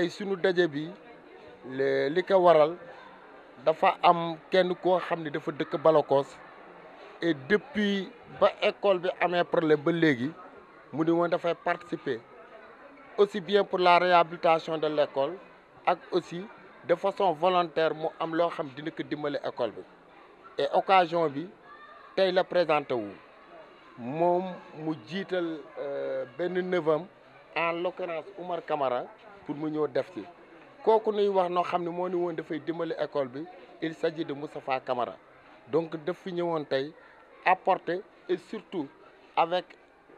tey sunu daje bi li ko waral dafa am kenn ko xamni dafa dëkk Balakos et depuis ba école bi amé problème ba légui mu ni woon dafay participer aussi bien pour la réhabilitation de l'école ak aussi de façon volontaire mu am lo xam dina ko dimbale école bi et occasion bi tay la présenté wu mom mu jital euh, ben neuvam en l'occurrence Omar Kamara, pour mu ñëw def ci kooku nuy wax no xamni mo ni won da écoles, il s'agit de Moussafa Kamara. donc définir fi apporter et surtout avec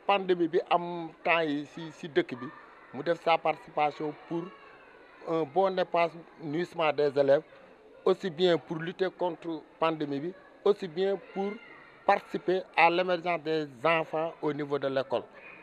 pandémie bi am temps yi ci bi sa participation pour un bon épanouissement des élèves aussi bien pour lutter contre la pandémie aussi bien pour participer à l'émergence des enfants au niveau de l'école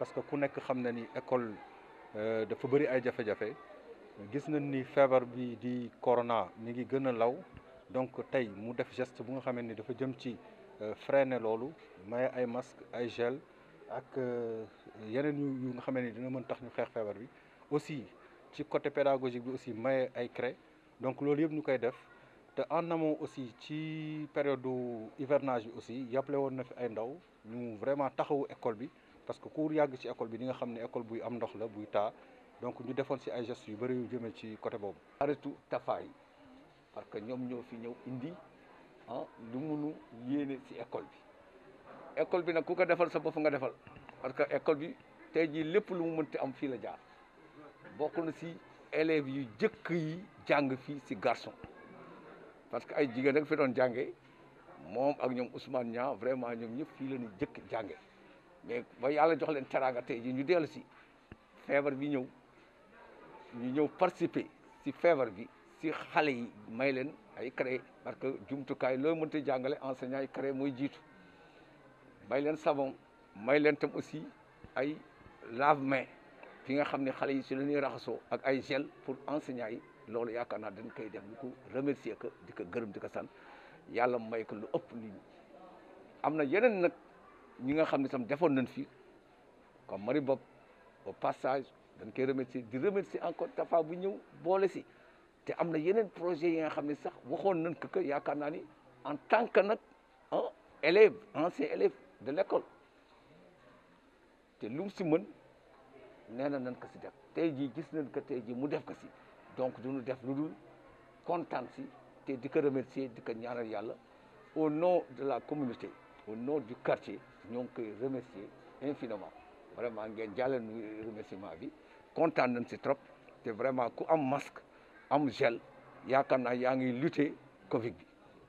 parce que ku nekk xam na ni école euh, dafa bëri ay jafé jafé gis nañ ni fièvre bi di corona mi ngi gën law donc tay mu def geste bu nga xamné ni dafa jëm ci euh, freiner loolu may ay masque ay gel ak euh, yeneen yu nga xamné ni dina mën tax ñu xeex fièvre bi aussi ci côté pédagogique bi aussi may ay craie donc loolu yëpp ñu koy def te en amont aussi ci période hivernage aussi yapplé won na fi ay ndaw ñu vraiment taxawu école bi parce que ku yàgg ci école bi di nga xam ne école buy am ndox la buy taa donc ñu defoon si ay gestes yu bëri yu jëmee ci côté boobu. arrêtu tafaay parce que ñoom ñoo fi ñëw indi ah lu munu yéene si école bi école bi nag ku ko defal sa bopp nga defal parce que école bi tey jii lépp lu mu mënti am fii la jaar bokk na si élèves yu jëkk yi jàng fii si garçon parce que ay jigéen rek fi doon jàngee moom ak ñoom Ousmane Niang vraiment ñoom ñëpp fii la ñu jëkk jàngee. mais ba yàlla jox leen teraanga tey ji ñu dellu si feebar bi ñëw ñu ñëw participer si feebar bi si xale yi may leen ay créé parce que jumtukaay loo mënta jàngale enseignant yi créé mooy jiitu may leen sabon may leen tam aussi ay lave-mains fi nga xam ne xale yi si la ñuy raxasoo ak ay gel pour enseignant yi loolu yaakaar naa dañ koy def ko remercier di ko gërëm di ko sant yàlla may ko lu ëpp nit am na yeneen ñi nga xam ne tam defoon nañ fi comme mari Bob au passage dañ koy remercier di remercier encore Tafa bu ñëw boole si te am na yeneen projet yi nga xam ne sax waxoon nañ ko que yaakaar naa ni en tant que nag ah élève ancien élève de l'école te lu si mën nee na nañ ko si def te jii gis nañ ko tey jii mu def ko si donc duñu def lu dul kontaan si te di ko remercier di ko ñaanal yàlla au nom de la communauté au nom du quartier nous ngi remercier infiniment vraiment ngeen jàllale nu ma vie. Content de c'est trop C'est vraiment un masque un gel Il il a lutté ngi lutter Covid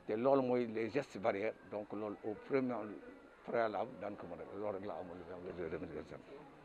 C'est ce qui les gestes barrières donc au premier préalable daan ko mën a loolu rek